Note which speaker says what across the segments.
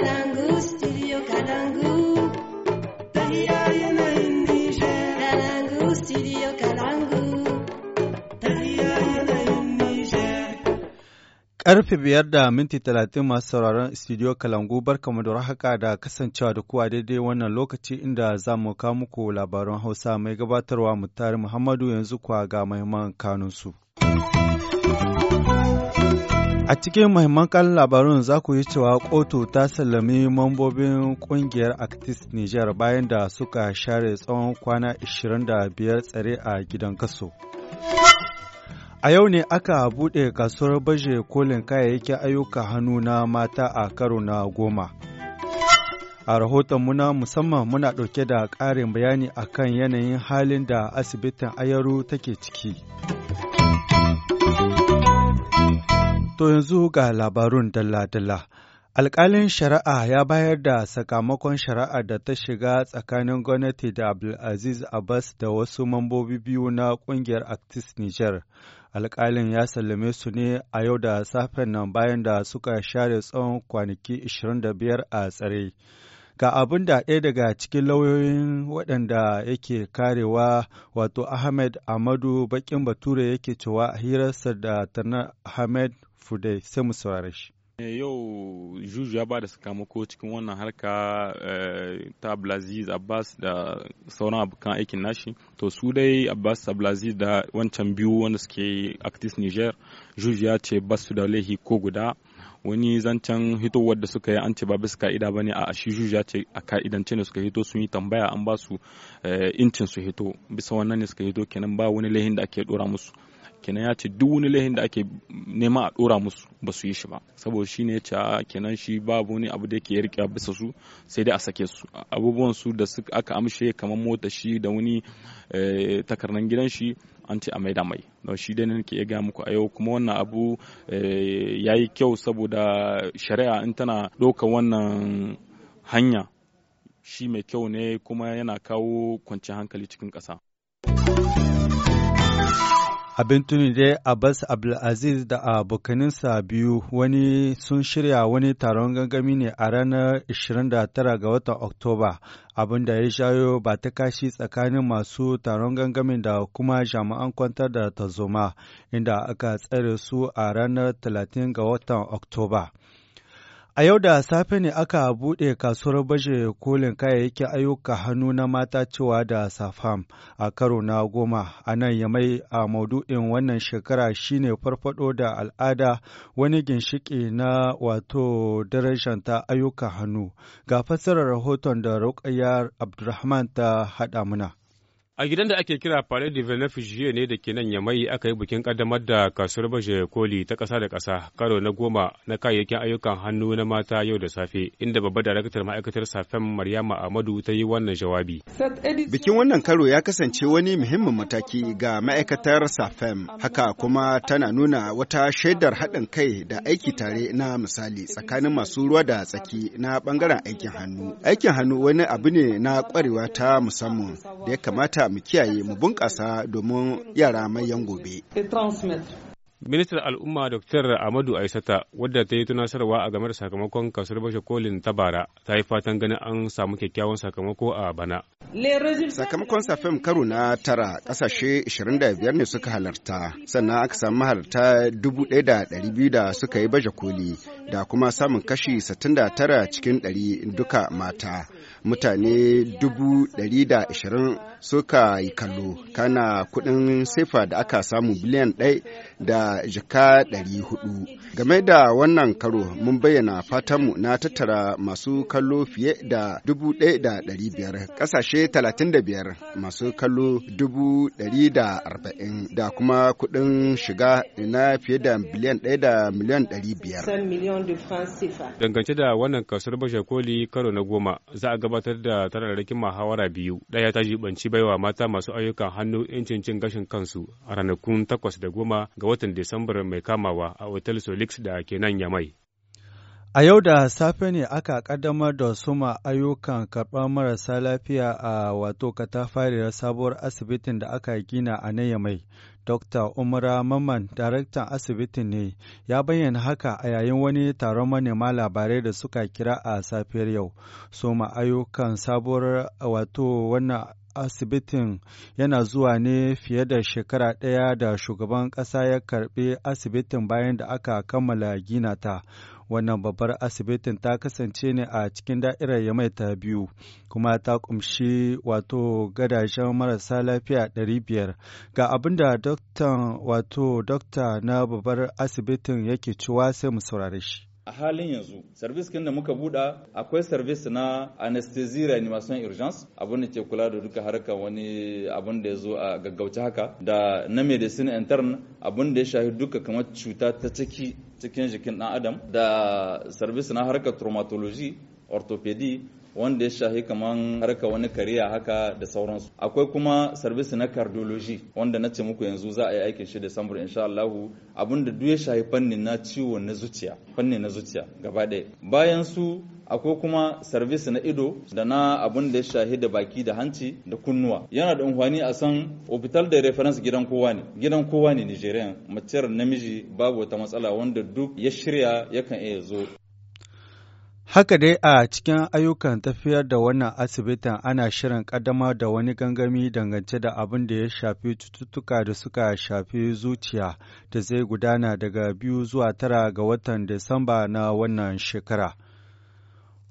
Speaker 1: Ƙarfe
Speaker 2: Karfe biyar da minti talatin masu sauraron studio Kalangu barkamu da haka da kasancewa da kuwa daidai wannan lokaci inda za mu kawo muku labaran Hausa mai gabatarwa mutari Muhammadu yanzu kwa ga mahimman kanunsu. A cikin mahimman kan labarun za ku yi cewa kotu ta sallami mambobin kungiyar Actis Niger bayan da suka share tsawon kwana 25 tsare a gidan kaso. A yau ne aka buɗe kasuwar baje kolin kayayyakin ayyuka hannu na mata a karo na goma. A rahoton muna musamman muna ɗauke da ƙarin bayani akan yanayin halin da asibitin ayaru take ciki. To yanzu ga labarun dalla-dalla. Alƙalin shari'a ya bayar da sakamakon shari'a da ta shiga tsakanin gwamnati da Abdulaziz Abbas da wasu mambobi biyu na ƙungiyar Actis Niger. Alƙalin ya sallame su ne a yau da safen nan bayan da suka share tsawon kwanaki 25 a tsare. ga abin da ɗaya daga cikin lauyoyin waɗanda yake karewa wato Ahmed Amadu Bakin Bature yake cewa hirarsa da Tana Ahmed Fude sai mu saurare shi
Speaker 3: eh, yau juju ya ba da sakamako cikin wannan harka eh, ta abdulaziz abbas da sauran abokan aikin nashi to su dai abbas abdulaziz da wancan biyu wanda suke actis niger juju ya ce ba su da laihi ko guda wani zancen hitowar da suka yi an ce ba bisa ka'ida ba ne a shi juju ya ce a ka'idance ne suka hito sun yi tambaya an ba su eh, incin su hito bisa wannan ne suka hito kenan ba wani laihin da ake dora musu kenan ya ce duk wani laihin da ake nema a dora musu ba su yi shi ba saboda shi ne ya ah, kenan shi babu wani abu da yake rike bisa su sai dai a sake su abubuwan su da aka amshe kamar mota shi da wani eh, takarnan gidan shi an ce a maida mai da shi dai nake ya gaya muku a yau kuma wannan abu eh, ya yi kyau saboda shari'a in tana ɗauka wannan hanya shi mai kyau ne kuma yana kawo kwanciyar hankali cikin ƙasa.
Speaker 2: Abin tuni dai Abbas Abdulaziz da abokaninsa biyu wani sun shirya wani taron gangami ne a ranar 29 ga watan Oktoba, abin da ya shayo ba ta kashi tsakanin masu taron gangamin da kuma jami'an kwantar da tazoma inda aka tsare su a ranar 30 ga watan Oktoba. A yau da safe ne aka buɗe kasuwar baje kolin kayayyakin ayyuka hannu na mata cewa da safam a karo na goma a nan ya mai, a maudu'in wannan shekara shine farfado da al'ada wani ginshiki na wato ta ayyuka hannu. Ga fassarar rahoton da Rukayar Abdulrahman ta haɗa muna.
Speaker 4: A gidan da ake kira Palais de Venefigie ne da ke nan Yamai aka yi bikin kaddamar da kasuwar baje koli ta kasa da kasa karo na goma na kayayyakin ayyukan hannu na mata yau da safe inda babbar daraktar ma'aikatar safen Maryama Ahmadu ta yi wannan jawabi.
Speaker 1: Bikin wannan karo ya kasance wani muhimmin mataki ga ma'aikatar safem haka kuma tana nuna wata shaidar haɗin kai da aiki tare na misali tsakanin masu ruwa da tsaki na bangaren aikin hannu. Aikin hannu wani abu ne na ƙwarewa ta musamman da ya kamata mu kiyaye mu bunƙasa domin yara mai yan
Speaker 2: gobe.
Speaker 4: Ministar Al'umma Dr. Amadu Aisata, wadda ta yi tunasarwa a game da sakamakon kasar bashe kolin ta bara, ta yi fatan ganin an samu kyakkyawan sakamako a bana.
Speaker 1: Sakamakon safin karo na tara ƙasashe 25 ne suka halarta, sannan aka samu halarta 1,200 da suka yi baje koli, da kuma samun kashi 69 cikin 100 duka mata. mutane 120 suka yi kallo kana kudin sefa da aka samu biliyan 1 da jika 400 game da wannan karo mun bayyana fatanmu na tattara masu kallo fiye da 1,500 ƙasashe 35 masu kallo 140 da kuma kudin shiga na fiye da biliyan 1 da miliyan
Speaker 2: 500
Speaker 4: dangance da wannan kasuwar bashe koli karo na goma za a gabatar da tararrakin mahawara biyu ɗaya ta jibanci baiwa mata masu ayyukan hannu yancin cin gashin kansu a ranakun takwas da goma ga watan disambar mai kamawa a otal solix da ke nan yamai
Speaker 2: A yau da safe ne aka kaddamar da suma ayyukan karɓar marasa lafiya a wato katafariyar sabuwar asibitin da aka gina a nan yamai Dr. Umra Mamman, daraktan asibiti ne, ya bayyana haka a yayin wani taron manema labarai da suka kira a safiyar yau. Soma ayyukan sabuwar wato wannan asibitin yana zuwa ne fiye da shekara ɗaya da shugaban ƙasa ya karɓi asibitin bayan da aka kammala gina ta. Wannan babbar asibitin ta kasance ne a cikin da'irar yamaita ta biyu, kuma ta kumshi wato gadashen marasa lafiya ɗari biyar Ga abin da wato dokta na babbar asibitin yake cewa sai mu saurare shi. a halin yanzu service kin da muka buɗa akwai service na anesthesia reanimation urgence abin da ke kula da duka harkar wani abin da ya zo a gaggauta haka da na medicine intern abin da ya shafi duka kamar cuta ta ciki cikin jikin ɗan adam da service na harkar traumatology orthopedic wanda ya shahi kamar harka wani kariya haka da sauransu akwai kuma sarbisi na cardiology wanda na ce muku yanzu za a yi aikin shi da sambar insha Allah abinda duk ya shahi fanni na ciwo na zuciya fannin na zuciya gaba ɗaya bayan su akwai kuma sarbisi na ido da na abin da ya shahi da baki da hanci da kunnuwa yana da amfani a san hospital da reference gidan kowa ne gidan kowa ne nigerian maciyar namiji babu wata matsala wanda duk ya shirya yakan iya zo Haka dai a cikin ayyukan tafiyar da wannan asibitin ana shirin ƙaddamar da wani gangami dangance da abin da ya shafi cututtuka da suka shafi zuciya da zai gudana daga biyu zuwa tara ga watan Disamba na wannan shekara.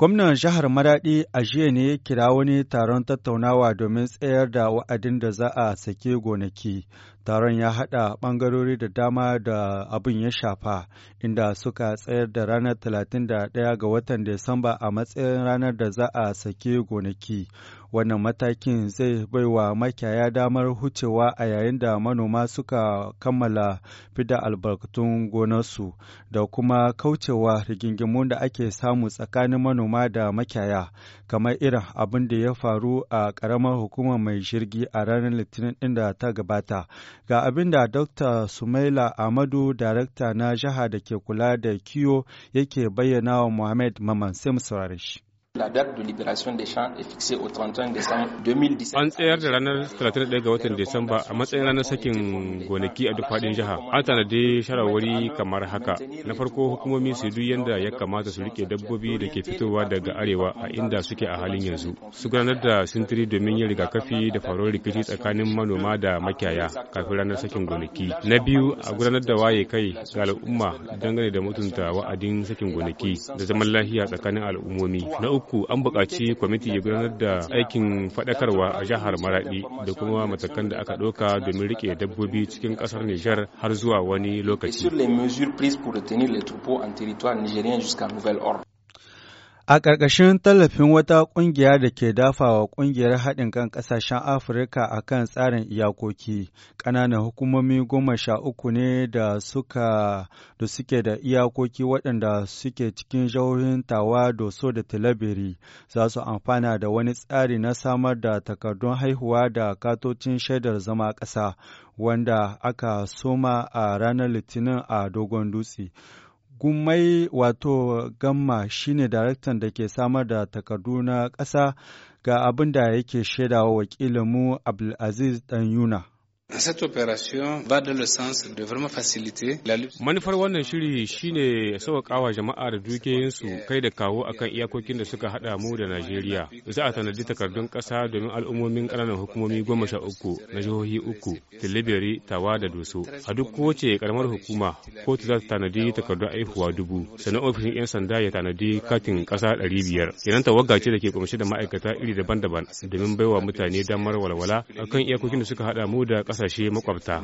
Speaker 2: Gwamnan jihar Maraɗi a jiya ne ya kira wani taron tattaunawa domin tsayar da wa'adin da za a sake gonaki. Taron ya haɗa ɓangarori da dama da abin ya shafa, inda suka tsayar da ranar 31 ga watan Disamba a matsayin ranar da za a sake gonaki. Wannan matakin zai bai wa makiyaya damar hucewa a yayin da manoma suka kammala fida albarkatun gonarsu da kuma kaucewa rigingimu da ake samu tsakanin manoma da makiyaya kamar irin abin da ya faru a karamar hukumar mai shirgi a ranar litinin din da ta gabata. Ga abin da Dr. Sumaila Amadu, darakta na jiha da ke kula da kiyo yake bayyana wa Muhammad Maman sai
Speaker 4: An tsayar da ranar 31 ga watan Disamba a matsayin ranar sakin gonaki a duk faɗin jiha. An tanadi shawarwari kamar haka. Na farko hukumomi su duk yadda ya kamata su rike dabbobi da ke fitowa daga arewa a inda suke a halin yanzu. Su gudanar da sintiri domin yin rigakafi da faruwar rikici tsakanin manoma da makiyaya kafin ranar sakin gonaki. Na biyu a gudanar da waye kai ga al'umma dangane da mutunta wa'adin sakin gonaki da zaman lafiya tsakanin al'ummomi. Na uku an buƙaci kwamiti ya gudanar da aikin faɗakarwa a jihar Maraɗi da kuma matakan da aka ɗauka domin riƙe dabbobi cikin ƙasar Nijar har zuwa wani lokaci.
Speaker 2: A ƙarƙashin tallafin wata ƙungiya da ke dafawa ƙungiyar haɗin kan ƙasashen Afirka a kan tsarin iyakoki, ƙananan hukumomi goma sha uku ne da suka da suke da iyakoki waɗanda suke cikin jihohin Tawa, Doso da Tilabiri za su amfana da wani tsari na samar da takardun haihuwa da katocin shaidar zama ƙasa, wanda aka soma a ranar Litinin a Dogon Dutse. Gummai wato Gamma shine daraktan da ke samar da takardu na ƙasa ga abin da yake shaidawa wakilinmu Abdulaziz Danyuna.
Speaker 4: Manufar wannan shiri shine sauƙaƙawa jama'a da dukiyoyinsu kai da kawo akan iyakokin da suka hada mu da Najeriya. Za a tanadi takardun ƙasa domin al'ummomin ƙananan hukumomi goma sha uku na jihohi uku, Tilibiri, Tawa da Doso. A duk kowace ƙaramar hukuma, kotu za ta tanadi takardun aihuwa dubu, sannan ofishin 'yan sanda ya tanadi katin ƙasa ɗari biyar. Kenan tawaga ce da ke ƙunshe da ma'aikata iri daban-daban domin baiwa mutane damar walwala akan iyakokin da suka haɗa mu da ƙasa kasashe makwabta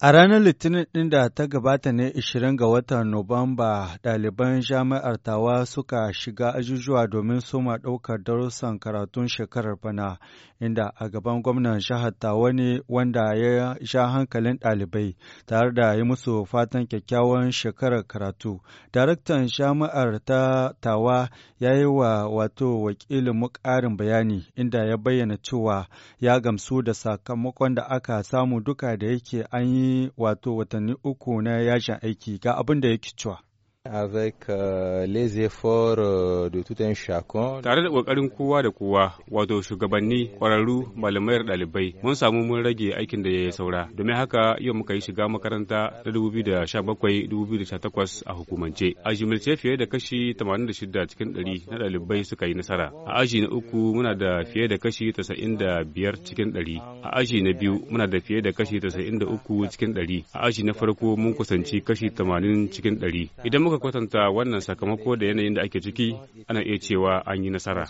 Speaker 2: A ranar Litinin ɗin da ta gabata ne 20 ga watan Nuwamba, ɗaliban jami'ar Tawa suka shiga ajujuwa domin soma ɗaukar darussan karatun shekarar bana, inda a gaban gwamnan jihar Tawa ne wanda ya sha hankalin ɗalibai, tare da yi musu fatan kyakkyawan shekarar karatu. Daraktan jami'ar ta Tawa ya yi wa wato wakilin muƙarin bayani, inda ya bayyana cewa ya gamsu da sakamakon da aka samu duka da yake an yi wato watanni uku na yashin aiki ga abin da yake cewa. avec euh, les efforts euh, de tout un chacun.
Speaker 4: Tare da kokarin kowa da kowa, wato shugabanni, kwararru, malamai da dalibai, mun samu mun rage aikin da ya saura. Domin haka yau muka yi shiga makaranta ta 2017-2018 a hukumance. A jimilce fiye da kashi 86 cikin 100 na dalibai suka yi nasara. A aji na uku muna da fiye da kashi 95 cikin 100. A aji na biyu muna da fiye da kashi 93 cikin 100. A aji na farko mun kusanci kashi 80 cikin 100. Idan muka muka kwatanta wannan sakamako da yanayin da ake ciki, ana iya cewa an yi nasara.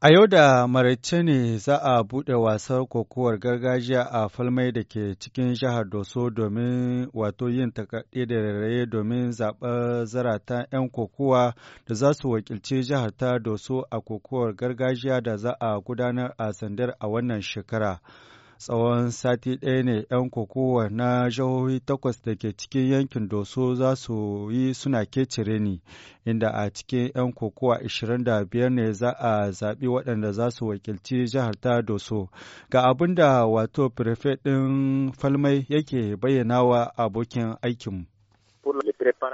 Speaker 2: A yau da maraice ne za a buɗe wasar kokowar gargajiya a falmai da ke cikin jihar Doso domin wato yin takaɗe da rairaye domin zaɓar zarata 'yan kokowa da za su wakilci jihar ta Doso a kokowar gargajiya da za a gudanar a sandar a wannan shekara. tsawon sati ɗaya ne 'yan kokowa na jihohi takwas da ke cikin yankin doso za su yi suna kecire ni inda a cikin 'yan kokowa 25 ne za a zaɓi waɗanda za su wakilci jihar ta doso ga abin da wato prefet ɗin falmai yake bayyanawa abokin aikinmu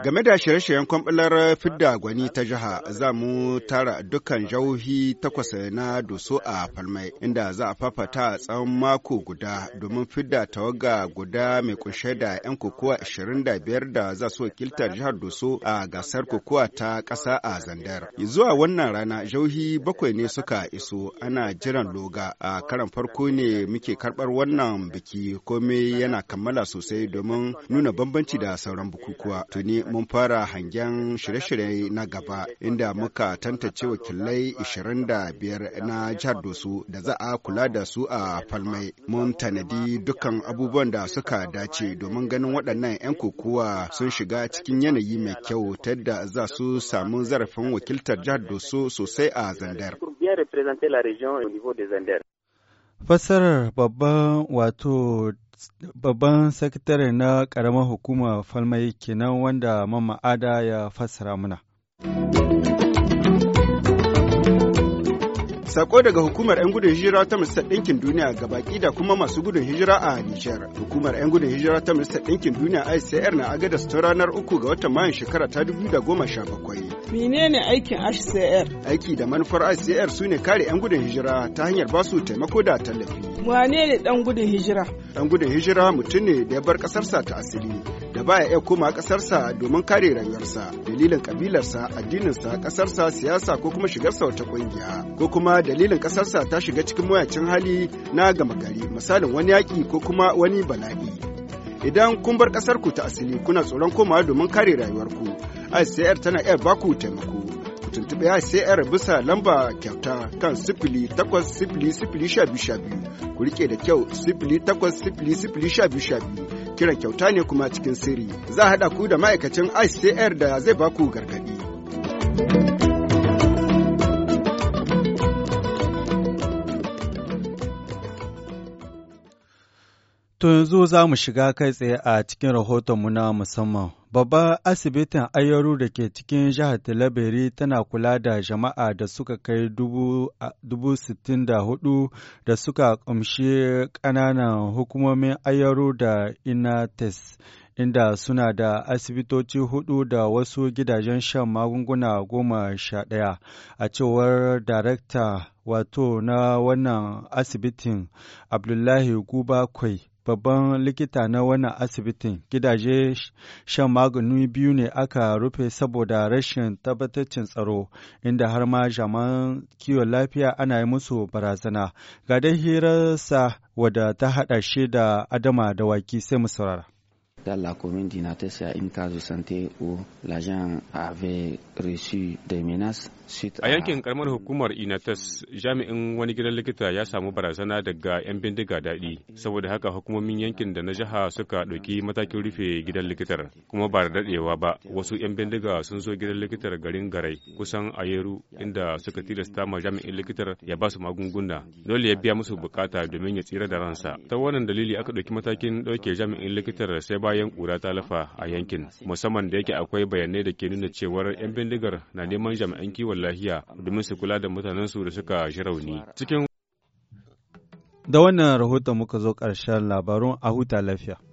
Speaker 1: Game da shirye-shiryen kwamfular fidda gwani ta jiha za mu tara dukkan jihohi takwas na doso a falmai inda za a fafata a tsawon mako guda domin fidda tawaga guda mai kunshe da 'yan kokowa 25 da za su wakiltar jihar doso a gasar kokowa ta ƙasa a zandar. Zuwa wannan rana jihohi bakwai ne suka iso ana jiran loga a karan farko ne muke karɓar wannan biki komai yana kammala sosai domin nuna bambanci da sauran bukuku. kuwa tuni mun fara hangen shirye-shirye na gaba inda muka tantance wakilai 25 na jihar Dosu da za a kula da su a Falmai. Mun tanadi dukkan abubuwan da suka dace domin ganin waɗannan 'yan kokowa sun shiga cikin yanayi mai
Speaker 2: kyau ta yadda
Speaker 1: za su samu zarafin wakiltar jihar Doso sosai a
Speaker 2: Zandar. fasarar babban wato babban sakatare na ƙaramar hukuma falmai kenan wanda mamma ada ya fassara muna.
Speaker 1: Sako daga hukumar 'yan gudun hijira ta Majalisar Ɗinkin Duniya ga baki da kuma masu gudun hijira a Nijar. Hukumar 'yan gudun hijira ta Majalisar Ɗinkin Duniya ICR na agadas ta ranar uku ga watan Mayun shekara ta bakwai. Menene aikin ICR? Aiki da manufar ICR su ne kare 'yan gudun hijira ta hanyar basu taimako da tallafi. Wane ne ɗan gudun hijira? Ɗan gudun hijira mutum ne da ya bar ƙasarsa ta asali da baya iya koma kasarsa domin kare rayuwarsa dalilin kabilarsa addininsa ƙasarsa siyasa ko kuma shigarsa wata ƙungiya ko kuma dalilin ƙasarsa ta shiga cikin mayacin hali na gama gari misalin wani yaƙi ko kuma wani bala'i idan kun bar ƙasarku ta asali kuna tsoron komawa domin kare rayuwarku ICR tana iya baku taimako tuntuɓe ICR bisa lamba kyauta kan sifili takwas sifili sifili sha biyu sha biyu ku riƙe da kyau sifili takwas sifili sifili sha biyu sha biyu kiran kyauta ne kuma cikin sirri za a haɗa ku da ma'aikacin ICR da zai baku gargaɗi.
Speaker 2: To yanzu za mu shiga kai tsaye a cikin rahotonmu na musamman. Babban asibitin ayyaru da ke cikin jihar Talabiri tana kula da jama'a da suka kai dubu sittin da hudu da suka kamshi ƙananan hukumomin ayyaru da inates. inda suna da asibitoci hudu da wasu gidajen shan magunguna goma sha ɗaya a cewar darakta wato na wannan asibitin abdullahi guba kwai babban likita na wannan asibitin gidaje shan magani biyu ne aka rufe saboda rashin tabbataccen tsaro inda har ma jaman kiwon lafiya ana yi musu barazana ga dai hirarsa wadda ta haɗa shi da adama da waki sai mu saurara dans la commune d'Inates, a une case de santé où l'agent avait reçu des menaces A yankin
Speaker 4: karamar hukumar inatas jami'in wani gidan likita ya samu barazana daga 'yan bindiga daɗi, saboda haka hukumomin yankin da na jiha suka ɗauki matakin rufe gidan likitar. Kuma ba da daɗewa ba, wasu 'yan bindiga sun zo gidan likitar garin Garai, kusan Ayeru, inda suka tilasta ma jami'in likitar ya basu su magunguna. Dole ya biya musu bukata domin ya tsira da ransa. Ta wannan dalili aka ɗauki matakin ɗauke jami'in likitar sai ba bayan ƙura ta lafa a yankin musamman da yake akwai bayanai da ke nuna cewar 'yan bindigar na neman jami'an kiwon lafiya domin su kula da mutanensu da suka ji rauni
Speaker 2: cikin da wannan rahoton muka zo ƙarshen labarun a huta lafiya